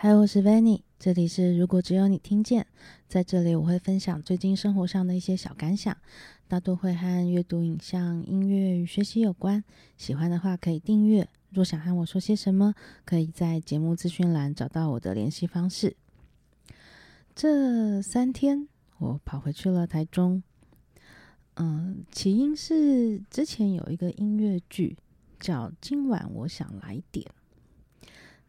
嗨，Hi, 我是 Vanny，這裡是如果只有你聽見。在這裡，我會分享最近生活上的一些小感想，大多會和閱讀、影像、音樂與學習有關。喜歡的話可以訂閱。若想和我說些什麼，可以在節目資訊欄找到我的聯繫方式。這三天我跑回去了台中，嗯，起因是之前有一個音樂劇叫《今晚我想來點》。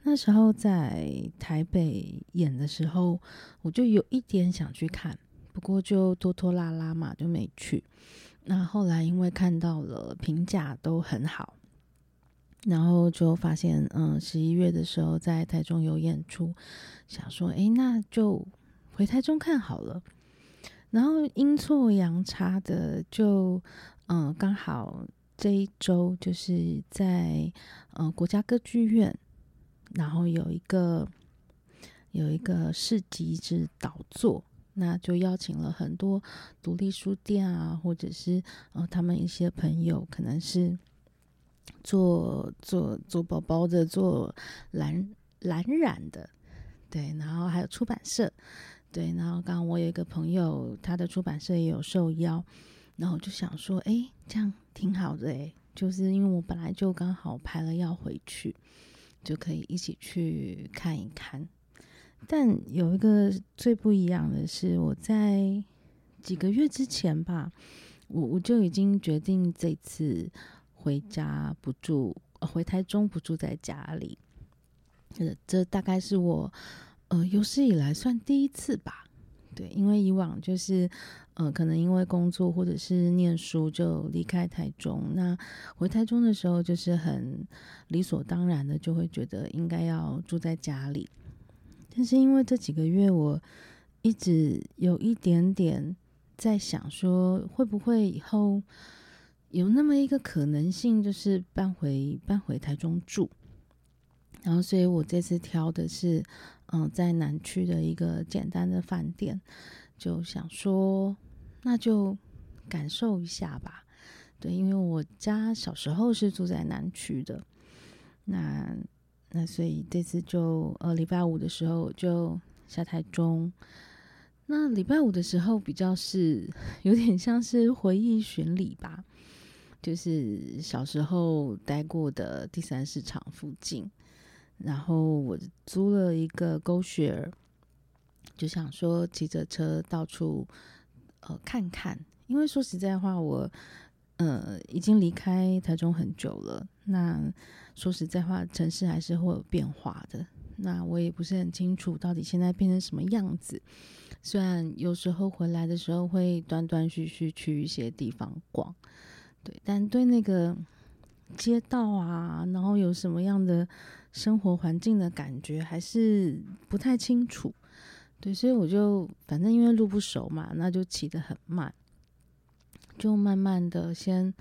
那時候在台北演的時候，我就有一點想去看，不過就拖拖拉拉嘛，就沒去。那後來因為看到了評價都很好，然後就發現，嗯，十一月的時候在台中有演出，想說，誒、欸、那就回台中看好了。然後陰錯陽差的就，就嗯，剛好這一周就是在，嗯，國家歌劇院。然後有一個有一個市集之導座，那就邀請了很多獨立書店啊，或者是呃他們一些朋友，可能是做做做包包的，做藍藍染的，對，然後還有出版社，對，然後剛剛我有一個朋友，他的出版社也有受邀，然後我就想說，哎、欸，這樣挺好的，欸，誒，就是因為我本來就剛好排了要回去。就可以一起去看一看，但有一個最不一樣的是，我在幾個月之前吧，我我就已經決定這次回家不住，呃，回台中不住在家裡。呃，這大概是我呃有史以來算第一次吧。對，因為以往就是，呃，可能因為工作或者是念書就離開台中，那回台中的時候就是很理所當然的就會覺得應該要住在家裡，但是因為這幾個月我一直有一點點在想說，會不會以後有那麼一個可能性，就是搬回搬回台中住，然後所以我這次挑的是。嗯，在南區的一個簡單的飯店，就想說，那就感受一下吧。對，因為我家小時候是住在南區的，那那所以這次就呃禮拜五的時候就下台中。那禮拜五的時候比較是有點像是回憶巡禮吧，就是小時候待過的第三市場附近。然後我租了一個勾 o 就想說騎着車到處呃看看。因為說實在話，我呃已經離開台中很久了。那說實在話，城市還是會有變化的。那我也不是很清楚到底現在變成什麼樣子。雖然有時候回來的時候會斷斷續續去，去一些地方逛，對，但對那個街道啊，然後有什麼樣的生活環境的感覺還是不太清楚，對，所以我就反正因為路不熟嘛，那就騎得很慢，就慢慢的先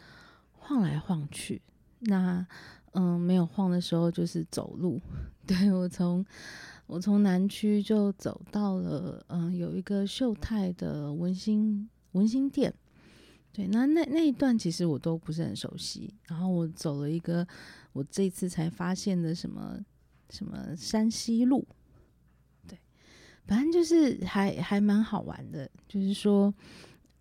晃來晃去。那嗯，沒有晃的時候就是走路。對，我從我從南區就走到了嗯，有一個秀泰的文心文心店。對，那那那一段其實我都不是很熟悉。然後我走了一個，我這次才發現的什麼什麼山西路，對，反正就是還還蠻好玩的。就是說，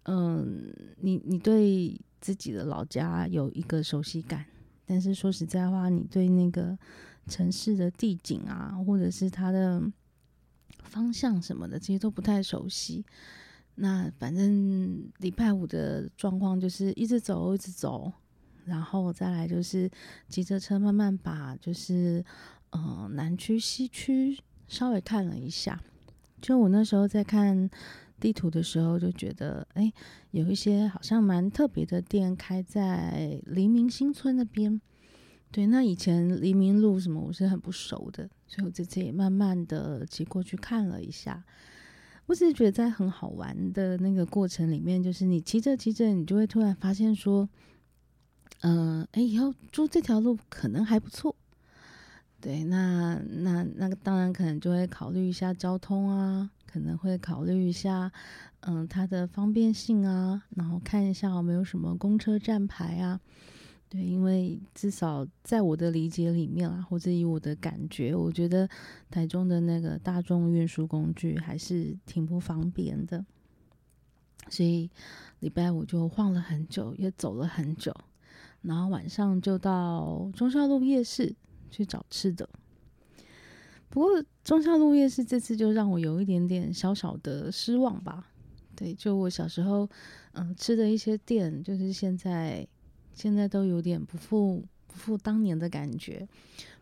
嗯、呃，你你對自己的老家有一個熟悉感，但是說實在話，你對那個城市的地景啊，或者是它的方向什麼的，這些都不太熟悉。那反正禮拜五的狀況就是一直走，一直走，然後再來就是騎着車慢慢把就是嗯、呃、南區、西區稍微看了一下。就我那時候在看地圖的時候就覺得，哎、欸，有一些好像蠻特別的店開在黎明新村那邊。對，那以前黎明路什麼我是很不熟的，所以我這次也慢慢的騎過去看了一下。我只是覺得在很好玩的那個過程裡面，就是你騎着騎着，你就會突然發現說，嗯、呃，誒，以後住這條路可能還不錯。對，那那那當然可能就會考慮一下交通啊，可能會考慮一下，嗯、呃，它的方便性啊，然後看一下有、哦、沒有什麼公車站牌啊。對，因為至少在我的理解裡面啊，或者以我的感覺，我覺得台中的那個大眾運輸工具還是挺不方便的，所以禮拜五就晃了很久，也走了很久，然後晚上就到忠孝路夜市去找吃的。不過忠孝路夜市這次就讓我有一點點小小的失望吧。對，就我小時候嗯吃的一些店，就是現在。現在都有點不復不復當年的感覺。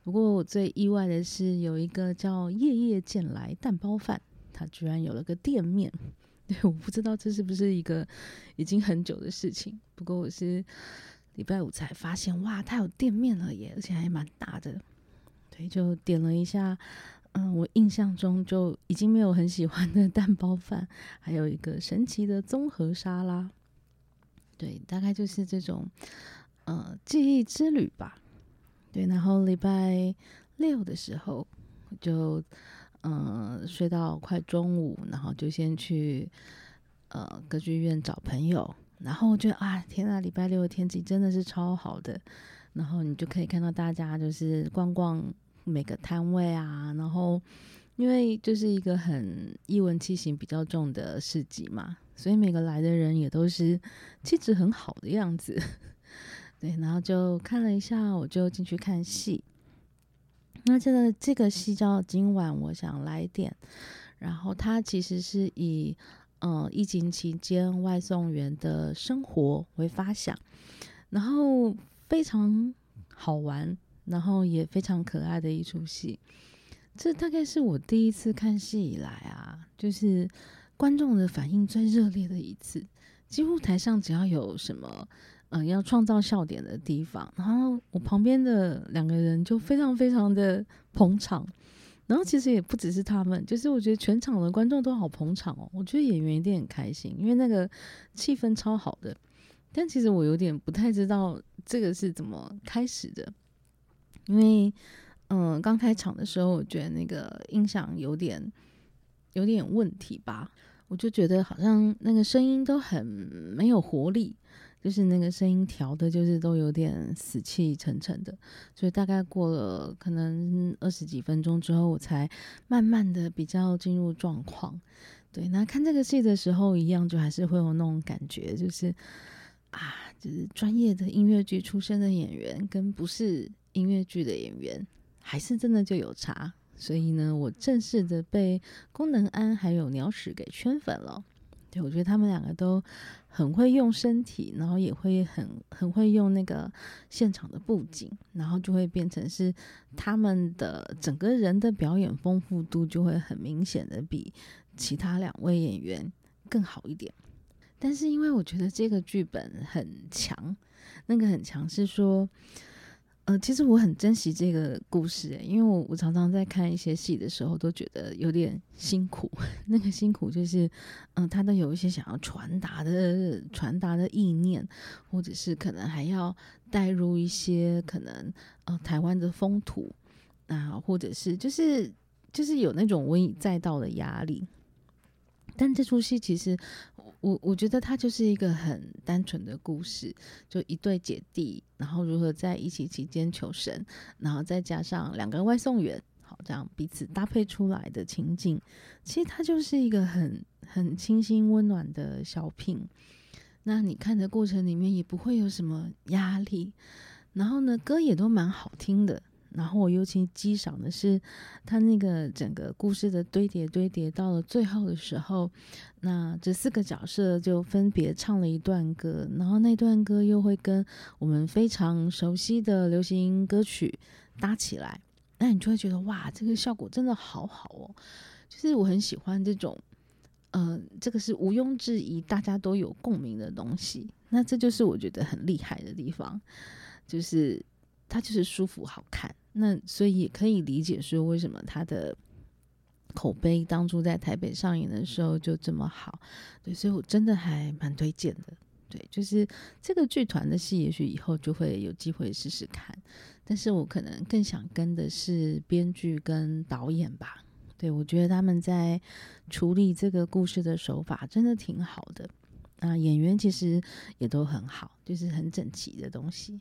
不過我最意外的是，有一個叫夜夜見來蛋包飯，它居然有了個店面。對，我不知道這是不是一個已經很久的事情。不過我是禮拜五才發現，哇，它有店面了耶，而且還蠻大的。對，就點了一下，嗯，我印象中就已經沒有很喜歡的蛋包飯，還有一個神奇的綜合沙拉。對，大概就是這種，呃，記憶之旅吧。對，然後禮拜六的時候就，嗯、呃，睡到快中午，然後就先去，呃，歌劇院找朋友。然後就啊，天哪，禮拜六的天氣真的是超好的，然後你就可以看到大家就是逛逛每個攤位啊，然後。因為就是一個很藝文氣息比較重的市集嘛，所以每個來的人也都是氣質很好的樣子，對，然後就看了一下，我就進去看戲。那這個這個戲叫今晚，我想來點，然後它其實是以嗯、呃、疫情期間外送員的生活為發想，然後非常好玩，然後也非常可愛的一出戲。這大概是我第一次看戲以來啊，就是觀眾的反應最熱烈的一次。幾乎台上只要有什麼，嗯、呃，要創造笑點的地方，然後我旁邊的兩個人就非常非常的捧場。然後其實也不只是他們，就是我覺得全場的觀眾都好捧場哦。我覺得演員一定很開心，因為那個氣氛超好的。但其實我有點不太知道這個是怎麼開始的，因為。嗯，剛開場的時候，我覺得那個音響有點有點問題吧，我就覺得好像那個聲音都很沒有活力，就是那個聲音調的，就是都有點死氣沉沉的。所以大概過了可能二十幾分鐘之後，我才慢慢的比較進入狀況。對，那看這個戲的時候一樣，就還是會有那種感覺，就是啊，就是專業的音樂劇出身的演員跟不是音樂劇的演員。還是真的就有差，所以呢，我正式的被功能安還有鳥屎給圈粉了。對，我覺得他們兩個都很會用身體，然後也會很很會用那個現場的布景，然後就會變成是他們的整個人的表演豐富度就會很明顯的比其他兩位演員更好一點。但是因為我覺得這個劇本很強，那個很強是說。呃，其實我很珍惜這個故事欸，因為我我常常在看一些戲的時候都覺得有點辛苦。那個辛苦就是，嗯、呃、他都有一些想要傳達的傳達的意念，或者是可能還要帶入一些可能呃台灣的風土啊，或者是就是就是有那種文以載道的壓力。但這齣戲其實，我我覺得它就是一個很單純的故事，就一對姐弟，然後如何在一起期間求生，然後再加上兩個外送員，好，這樣彼此搭配出來的情景，其實它就是一個很很清新溫暖的小品。那你看的過程裡面也不會有什麼壓力，然後呢，歌也都蠻好聽的。然後我尤其欣賞的是，他那個整個故事的堆疊堆疊到了最後的時候，那這四個角色就分別唱了一段歌，然後那段歌又會跟我們非常熟悉的流行歌曲搭起來，那你就會覺得哇，這個效果真的好好哦！就是我很喜歡這種，呃，這個是毋庸置疑，大家都有共鳴的東西，那這就是我覺得很厲害的地方，就是它就是舒服好看。那所以也可以理解說，為什麼他的口碑當初在台北上演的時候就這麼好。對，所以我真的還蠻推薦的。對，就是這個劇團的戲，也許以後就會有機會試試看。但是我可能更想跟的是編劇跟導演吧。對，我覺得他們在處理這個故事的手法真的挺好的。啊，演員其實也都很好，就是很整齊的東西。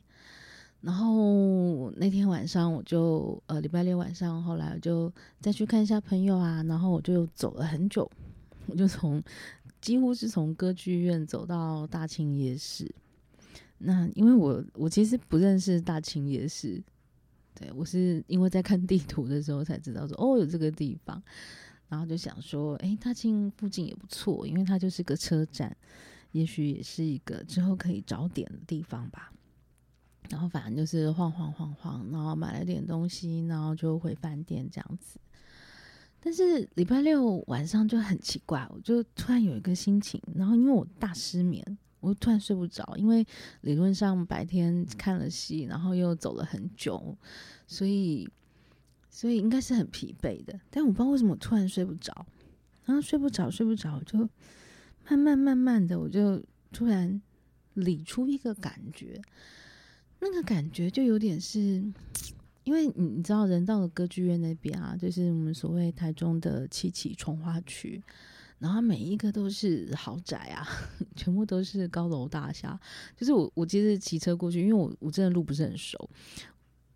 然後那天晚上我就呃禮拜六晚上，後來我就再去看一下朋友啊，然後我就走了很久，我就從幾乎是從歌劇院走到大慶夜市。那因為我我其實不認識大慶夜市，對，我是因為在看地圖的時候才知道說，哦有這個地方，然後就想說誒，大慶附近也不錯，因為它就是個車站，也許也是一個之後可以找點的地方吧。然後反正就是晃晃晃晃，然後買了點東西，然後就回飯店這樣子。但是禮拜六晚上就很奇怪，我就突然有一個心情。然後因為我大失眠，我突然睡不着，因為理論上白天看了戲，然後又走了很久，所以所以應該是很疲憊的。但我不知道為什麼突然睡不着，然後睡不着睡不着，就慢慢慢慢的，我就突然理出一個感覺。那個感覺就有點是，因為你你知道，人到了歌劇院那邊啊，就是我們所謂台中的七期重劃區，然後每一個都是豪宅啊，全部都是高樓大廈。就是我我其實騎車過去，因為我我真的路不是很熟，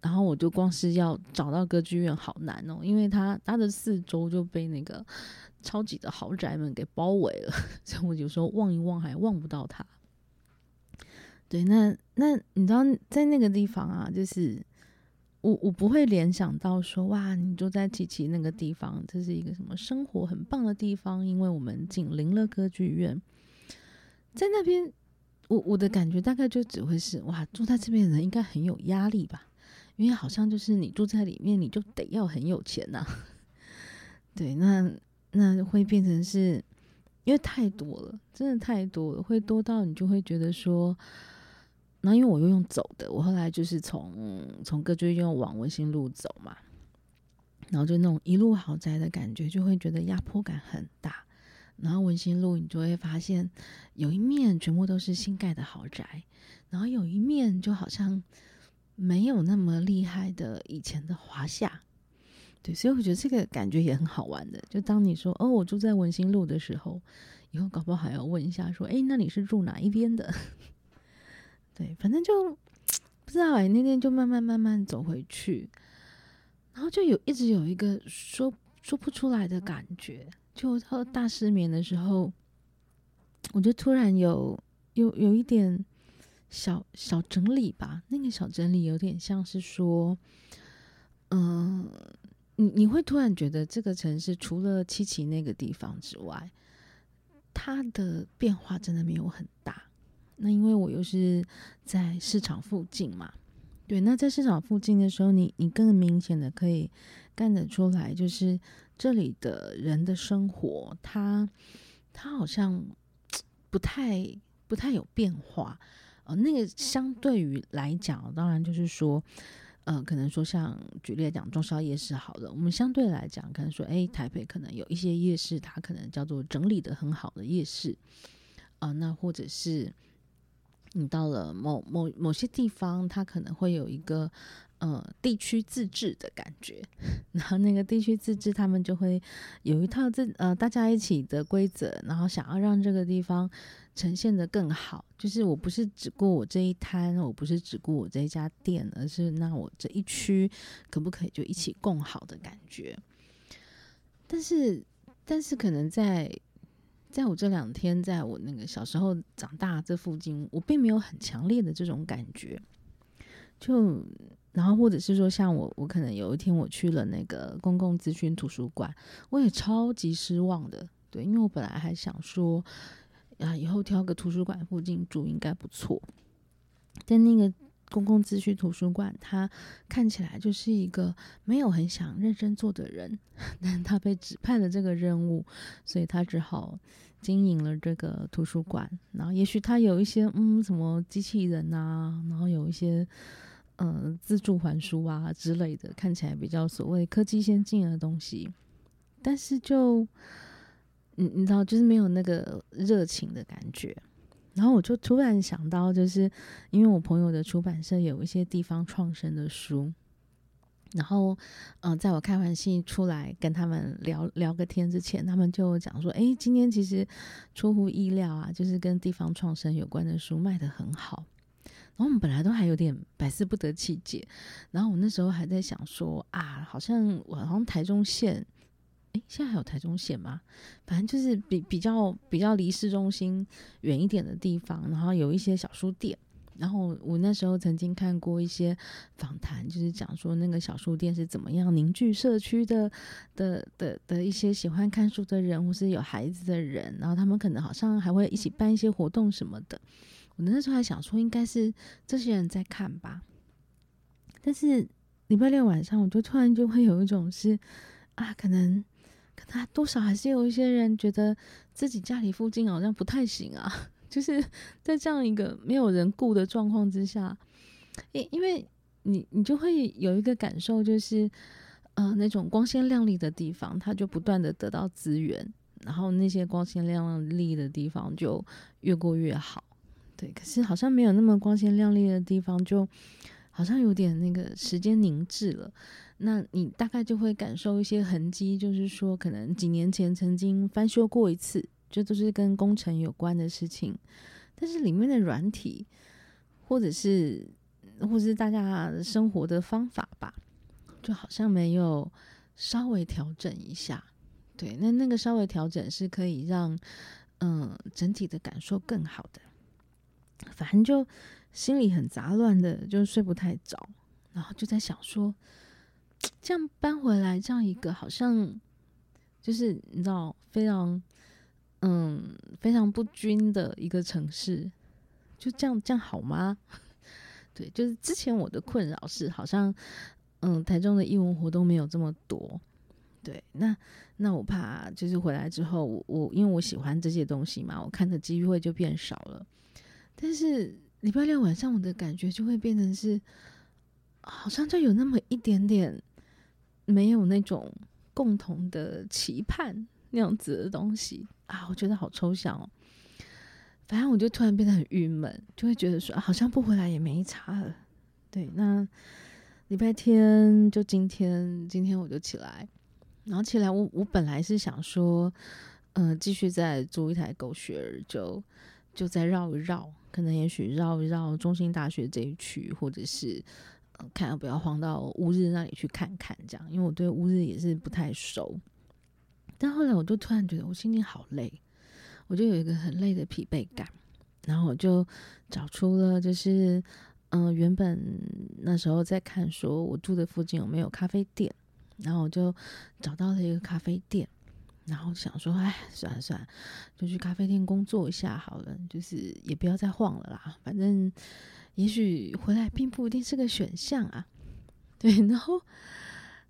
然後我就光是要找到歌劇院好難哦、喔，因為他他的四周就被那個超級的豪宅們給包圍了，所以我就說望一望還望不到他。對，那那你知道在那個地方啊，就是我我不會聯想到說哇，你住在七期那個地方，這是一個什麼生活很棒的地方？因為我們緊鄰了歌劇院，在那邊，我我的感覺大概就只會是哇，住在這邊的人應該很有壓力吧？因為好像就是你住在裡面，你就得要很有錢吶、啊。對，那那會變成是因為太多了，真的太多了，會多到你就會覺得說。那因為我又用走的，我後來就是從從歌劇院往文心路走嘛，然後就那種一路豪宅的感覺，就會覺得壓迫感很大。然後文心路，你就會發現有一面全部都是新蓋的豪宅，然後有一面就好像沒有那麼厲害的以前的華廈。對，所以我覺得這個感覺也很好玩的。就當你說哦，我住在文心路的時候，以後搞不好還要問一下說，哎，那你是住哪一邊的？對，反正就不知道哎、欸，那天就慢慢慢慢走回去，然後就有一直有一個說說不出來的感覺，就大失眠的時候，我就突然有有有一點小小整理吧，那個小整理有點像是說，嗯、呃，你你會突然覺得這個城市除了七期那個地方之外，它的變化真的沒有很大。那因為我又是在市場附近嘛，對，那在市場附近的時候，你你更明顯的可以看得出來，就是這裡的人的生活，他他好像不太不太有變化。呃，那個相對於來講，當然就是說，呃，可能說像舉例來講忠孝夜市好的，我們相對來講，可能說，哎、欸，台北可能有一些夜市，它可能叫做整理得很好的夜市，啊、呃，那或者是。你到了某某某些地方，它可能會有一個呃地區自治的感覺，然後那個地區自治，他們就會有一套這呃大家一起的規則，然後想要讓這個地方呈現得更好，就是我不是只顧我這一攤，我不是只顧我這一家店，而是那我這一區可不可以就一起共好的感覺。但是，但是可能在。在我這兩天，在我那個小時候長大這附近，我並沒有很強烈的這種感覺。就然後或者是說，像我，我可能有一天我去了那個公共資訊圖書館，我也超級失望的。對，因為我本來還想說，啊，以後挑個圖書館附近住應該不錯。在那個。公共資訊圖書館，他看起來就是一個沒有很想認真做的人，但他被指派了這個任務，所以他只好經營了這個圖書館。然後，也許他有一些嗯，什麼機器人啊，然後有一些嗯、呃，自助還書啊之類的，看起來比較所謂科技先進的東西，但是就你你知道，就是沒有那個熱情的感覺。然後我就突然想到，就是因為我朋友的出版社有一些地方創生的書，然後嗯、呃，在我開完戲出來跟他們聊聊個天之前，他們就講說：“哎，今天其實出乎意料啊，就是跟地方創生有關的書賣得很好。”然後我們本來都還有點百思不得其解，然後我那時候還在想說：“啊，好像我好像台中縣。”哎，現在還有台中縣嗎？反正就是比比較比較離市中心遠一點的地方，然後有一些小書店。然後我那時候曾經看過一些訪談，就是講說那個小書店是怎麼樣凝聚社區的的的的，的一些喜歡看書的人，或是有孩子的人，然後他們可能好像還會一起辦一些活動什麼的。我那時候還想說，應該是這些人在看吧。但是禮拜六晚上，我就突然就會有一種是啊，可能。可他多少還是有一些人覺得自己家裡附近好像不太行啊，就是在這樣一個沒有人顧的狀況之下，因、欸、因為你你就會有一個感受，就是呃那種光鮮亮麗的地方，它就不斷的得到資源，然後那些光鮮亮麗的地方就越過越好，對。可是好像沒有那麼光鮮亮麗的地方，就好像有點那個時間凝滯了。那你大概就會感受一些痕跡，就是說，可能幾年前曾經翻修過一次，這都是跟工程有關的事情。但是裡面的軟體，或者是，或者是大家生活的方法吧，就好像沒有稍微調整一下。對，那那個稍微調整是可以讓，嗯，整體的感受更好的。反正就心裡很雜亂的，就睡不太着，然後就在想說。這樣搬回來，這樣一個好像就是你知道，非常嗯非常不均的一個城市，就這樣這樣好嗎？對，就是之前我的困擾是，好像嗯台中的藝文活動沒有這麼多，對，那那我怕就是回來之後，我,我因為我喜歡這些東西嘛，我看的機會就變少了。但是禮拜六晚上我的感覺就會變成是，好像就有那麼一點點。沒有那種共同的期盼那樣子的東西啊，我覺得好抽象哦。反正我就突然變得很鬱悶，就會覺得說、啊，好像不回來也沒差了。對，那禮拜天就今天，今天我就起來，然後起來我我本來是想說，嗯、呃，繼續再租一台狗血兒，就就再繞一繞，可能也許繞一繞中興大學這一區，或者是。看要不要晃到烏日那裡去看看，這樣，因為我對烏日也是不太熟。但後來我就突然覺得我心裡好累，我就有一個很累的疲憊感。然後我就找出了，就是嗯、呃，原本那時候在看說我住的附近有沒有咖啡店，然後我就找到了一個咖啡店，然後想說，哎，算了算了，就去咖啡店工作一下好了，就是也不要再晃了啦，反正。也許回來並不一定是個選項啊，對，然後，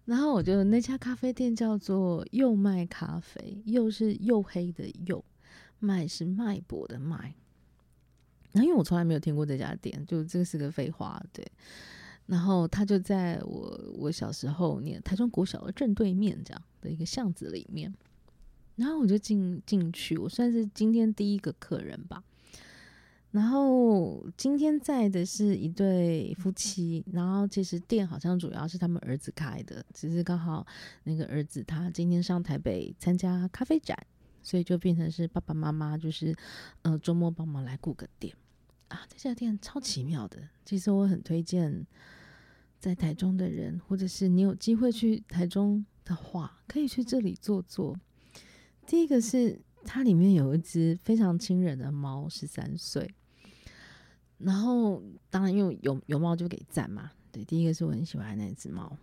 然後我就那家咖啡店叫做黝脈咖啡，黝是黝黑的黝，脈是脈搏的脈，然後，啊，因為我從來沒有聽過這家店，就這個是個廢話，對。然後他就在我我小時候唸台中國小的正對面這樣的一個巷子裡面，然後我就進進去，我算是今天第一個客人吧。然後今天在的是一對夫妻，然後其實店好像主要是他們兒子開的，只是剛好那個兒子他今天上台北參加咖啡展，所以就變成是爸爸媽媽就是，呃，周末幫忙來顧個店。啊，這家店超奇妙的，其實我很推薦在台中的人，或者是你有機會去台中的話，可以去這裡坐坐。第一個是它裡面有一隻非常親人的貓，十三歲。然後，當然，因為有有貓就給讚嘛。對，第一個是我很喜歡的那隻貓，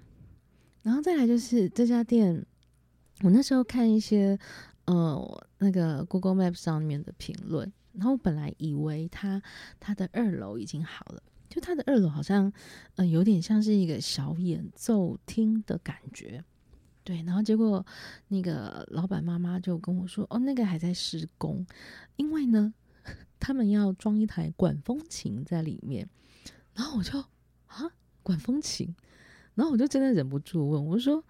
然後再來就是這家店。我那時候看一些，呃，那個 Google Maps 上面的評論，然後我本來以為它它的二樓已經好了，就它的二樓好像，呃，有點像是一個小演奏廳的感覺，對。然後結果那個老闆媽媽就跟我說，哦，那個還在施工，因為呢。他們要裝一台管風琴在裡面，然後我就啊，管風琴，然後我就真的忍不住問，我說：“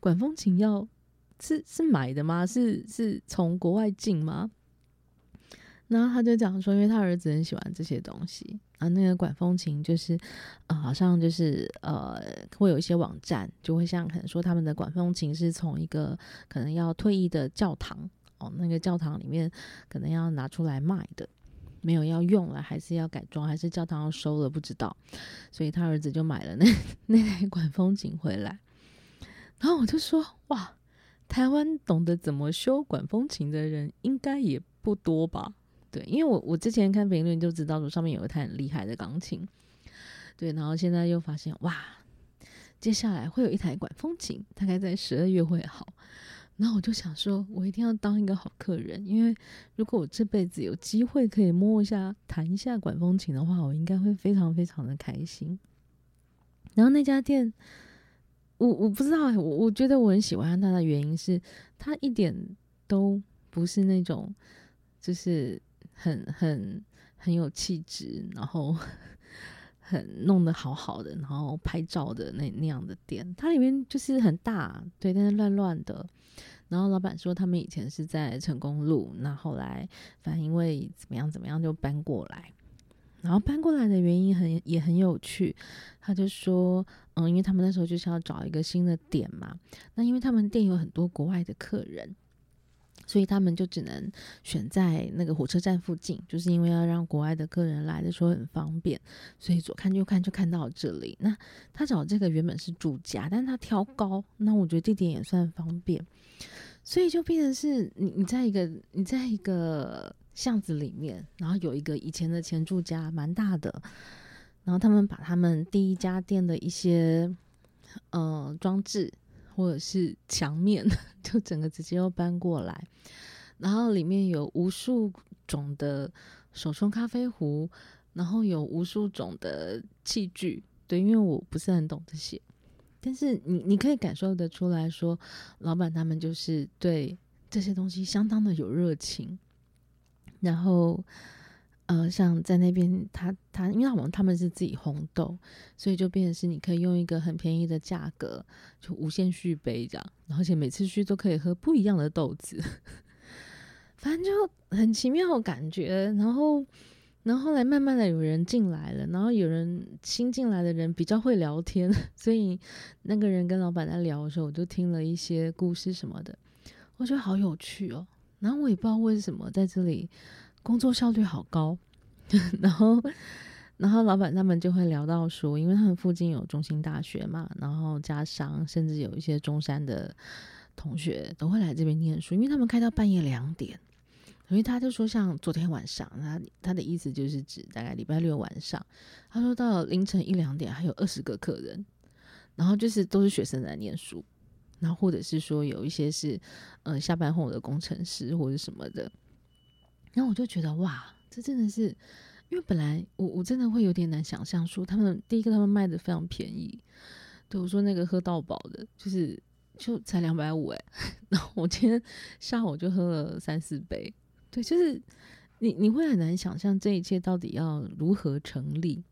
管風琴要是是買的嗎？是是從國外進嗎？”然後他就講說：“因為他兒子很喜歡這些東西啊，那個管風琴就是啊、呃，好像就是呃，會有一些網站就會像可能說他們的管風琴是從一個可能要退役的教堂哦，那個教堂裡面可能要拿出來賣的。”沒有要用了，還是要改裝，還是教堂要收了？不知道，所以他兒子就買了那那台管風琴回來。然後我就說：“哇，台灣懂得怎麼修管風琴的人應該也不多吧？”對，因為我我之前看評論就知道說上面有一台很厲害的鋼琴。對，然後現在又發現哇，接下來會有一台管風琴，大概在十二月會好。那我就想說，我一定要當一個好客人，因為如果我這輩子有機會可以摸一下、彈一下管風琴的話，我應該會非常非常的開心。然後那家店，我我不知道我，我覺得我很喜歡他的原因是他一點都不是那種，就是很很很有氣質，然後。很弄得好好的，然後拍照的那那樣的店，它裡面就是很大，對，但是亂亂的。然後老闆說他們以前是在成功路，那後來反正因為怎麼樣怎麼樣就搬過來。然後搬過來的原因很也很有趣，他就說，嗯，因為他們那時候就是要找一個新的店嘛，那因為他們店有很多國外的客人。所以他們就只能選在那個火車站附近，就是因為要讓國外的客人來的時候很方便，所以左看右看就看到這裡。那他找這個原本是住家，但是他挑高，那我覺得地點也算方便，所以就變成是你你在一個你在一個巷子裡面，然後有一個以前的前住家蠻大的，然後他們把他們第一家店的一些嗯、呃、裝置。或者是牆面，就整個直接又搬過來，然後裡面有無數種的手沖咖啡壺，然後有無數種的器具，對，因為我不是很懂這些，但是你你可以感受得出來說，老闆他們就是對這些東西相當的有熱情，然後。呃，像在那邊，他他因為他們他們是自己烘豆，所以就變成是你可以用一個很便宜的價格，就無限續杯這樣。而且每次去都可以喝不一樣的豆子，反正就很奇妙感覺。然後，然後後來慢慢的有人進來了，然後有人新進來的人比較會聊天，所以那個人跟老闆在聊的時候，我就聽了一些故事什麼的，我覺得好有趣哦。然後我也不知道為什麼在這裡。工作效率好高，然後，然後老板他們就會聊到說，因為他們附近有中山大學嘛，然後加上甚至有一些中山的同學都會來這邊念書，因為他們開到半夜兩點，所以他就說，像昨天晚上，他他的意思就是指大概禮拜六晚上，他說到凌晨一兩點還有二十個客人，然後就是都是學生在念書，然後或者是說有一些是，呃，下班後的工程師或者什麼的。然後我就覺得哇，這真的是，因為本來我我真的會有點難想象，說他們第一個他們賣的非常便宜，對，我說那個喝到飽的，就是就才兩百五哎，然後我今天下午就喝了三四杯，對，就是你你會很難想象這一切到底要如何成立，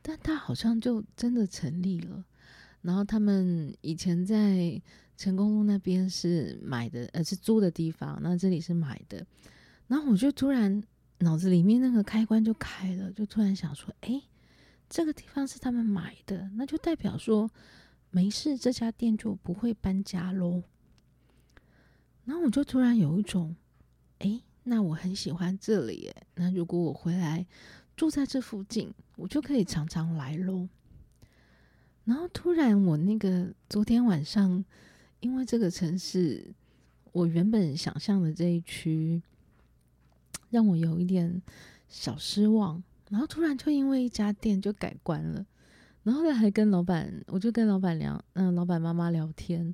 但他好像就真的成立了。然後他們以前在成功路那邊是買的，呃，是租的地方，那這裡是買的。然後我就突然腦子裡面那個開關就開了，就突然想說：“誒，這個地方是他們買的，那就代表說沒事，這家店就不會搬家嘍。”然後我就突然有一種：“誒，那我很喜歡這裡耶！那如果我回來住在這附近，我就可以常常來嘍。”然後突然我那個昨天晚上，因為這個城市，我原本想象的這一區，讓我有一點小失望，然後突然就因為一家店就改觀了，然後他還跟老闆，我就跟老闆娘，嗯，老闆媽媽聊天，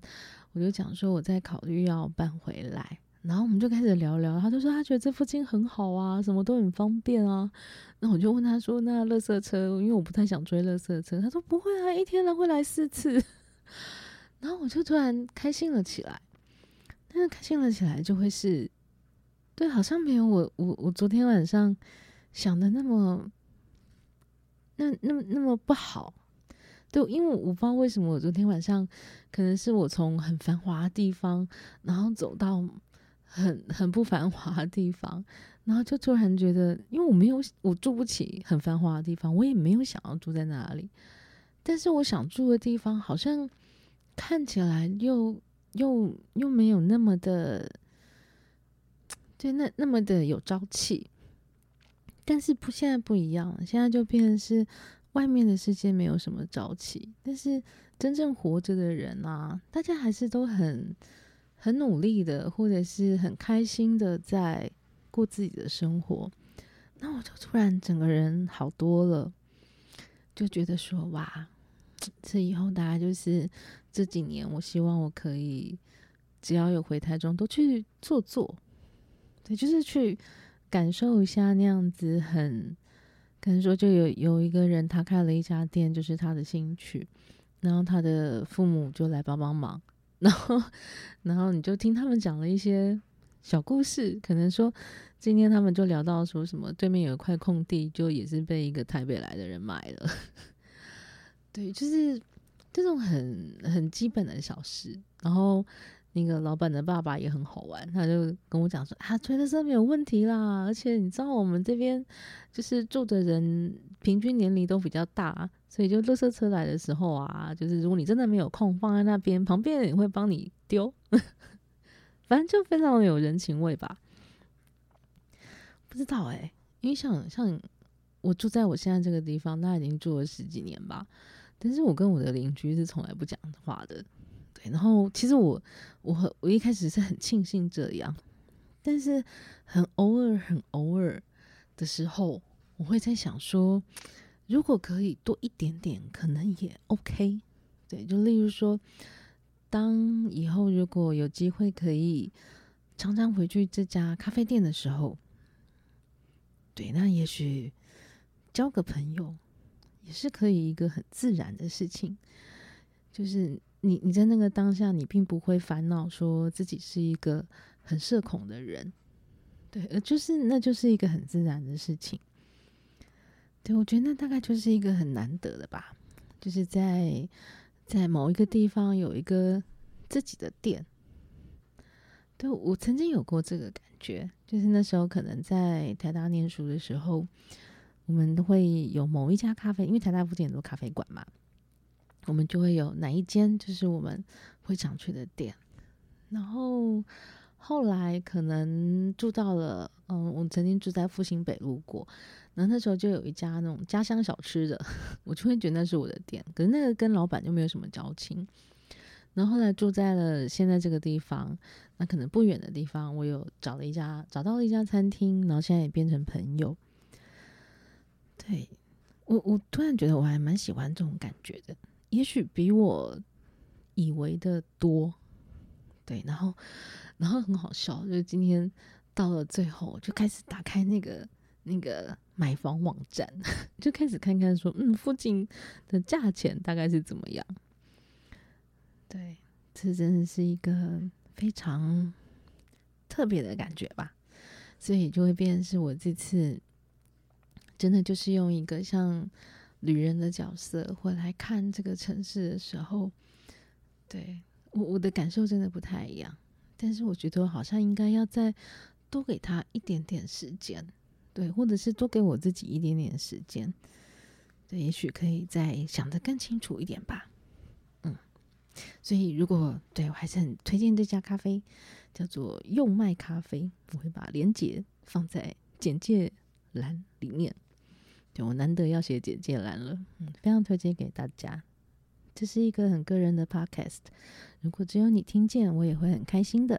我就講說我在考慮要搬回來，然後我們就開始聊聊，他就說他覺得這附近很好啊，什麼都很方便啊，那我就問他說那垃圾車，因為我不太想追垃圾車，他說不會啊，一天來會來四次， 然後我就突然開心了起來，那個、開心了起來就會是。對，好像沒有我我我昨天晚上想的那麼那那那麼不好。對，因為我不知道為什麼我昨天晚上，可能是我從很繁華的地方，然後走到很很不繁華的地方，然後就突然覺得，因為我沒有我住不起很繁華的地方，我也沒有想要住在哪裡，但是我想住的地方好像看起來又又又沒有那麼的。對，那那麼的有朝氣，但是不，現在不一樣了。現在就變成是外面的世界沒有什麼朝氣，但是真正活着的人啊，大家還是都很很努力的，或者是很開心的，在過自己的生活。那我就突然整個人好多了，就覺得說哇，這以，以後大家就是這幾年，我希望我可以只要有回台中，都去做做。對，就是去感受一下那樣子很，很可能說就有有一個人他開了一家店，就是他的興趣，然後他的父母就來幫幫忙，然後然後你就聽他們講了一些小故事，可能說今天他們就聊到說什麼對面有一塊空地，就也是被一個台北來的人買了，對，就是這種很很基本的小事，然後。那個老闆的爸爸也很好玩，他就跟我講說啊，推的車沒有問題啦。而且你知道我們這邊就是住的人平均年齡都比較大，所以就垃圾車來的時候啊，就是如果你真的沒有空放在那邊，旁邊人也會幫你丟。 反正就非常的有人情味吧。不知道誒、欸，因為像像我住在我現在這個地方，大概已經住了十幾年吧，但是我跟我的鄰居是從來不講話的。然後，其實我我我一開始是很慶幸這樣，但是很偶爾很偶爾的時候，我會在想說，如果可以多一點點，可能也 OK。對，就例如說，當以後如果有機會可以常常回去這家咖啡店的時候，對，那也許交個朋友也是可以一個很自然的事情，就是。你你在那個當下，你並不會煩惱說自己是一個很社恐的人，對，呃，就是那就是一個很自然的事情。對，我覺得那大概就是一個很難得的吧，就是在在某一個地方有一個自己的店。對，我曾經有過這個感覺，就是那時候可能在台大念書的時候，我們都會有某一家咖啡，因為台大附近有很多咖啡館嘛。我們就會有哪一間，就是我們會常去的店。然後後來可能住到了，嗯，我曾經住在復興北路過，然後那時候就有一家那種家鄉小吃的，我就會覺得那是我的店。可是那個跟老板就沒有什麼交情。然後後來住在了現在這個地方，那可能不遠的地方，我有找了一家，找到了一家餐廳，然後現在也變成朋友。對，我我突然覺得我還蠻喜歡這種感覺的。也許比我以為的多，對，然後，然後很好笑，就是今天到了最後，就開始打開那個那個買房網站，就開始看看說，嗯，附近的價錢大概是怎麼樣？對，這真的是一個非常特別的感覺吧，所以就會變成是我這次真的就是用一個像。女人的角色，或來看這個城市的時候，對，我我的感受真的不太一樣。但是我覺得我好像應該要再多給他一點點時間，對，或者是多給我自己一點點時間，對，也許可以再想得更清楚一點吧。嗯，所以如果對我還是很推薦這家咖啡，叫做右麥咖啡，我會把鏈接放在簡介欄裡面。對，我難得要寫簡介欄了，嗯，非常推薦給大家。這是一個很個人的 podcast，如果只有你聽見，我也會很開心的。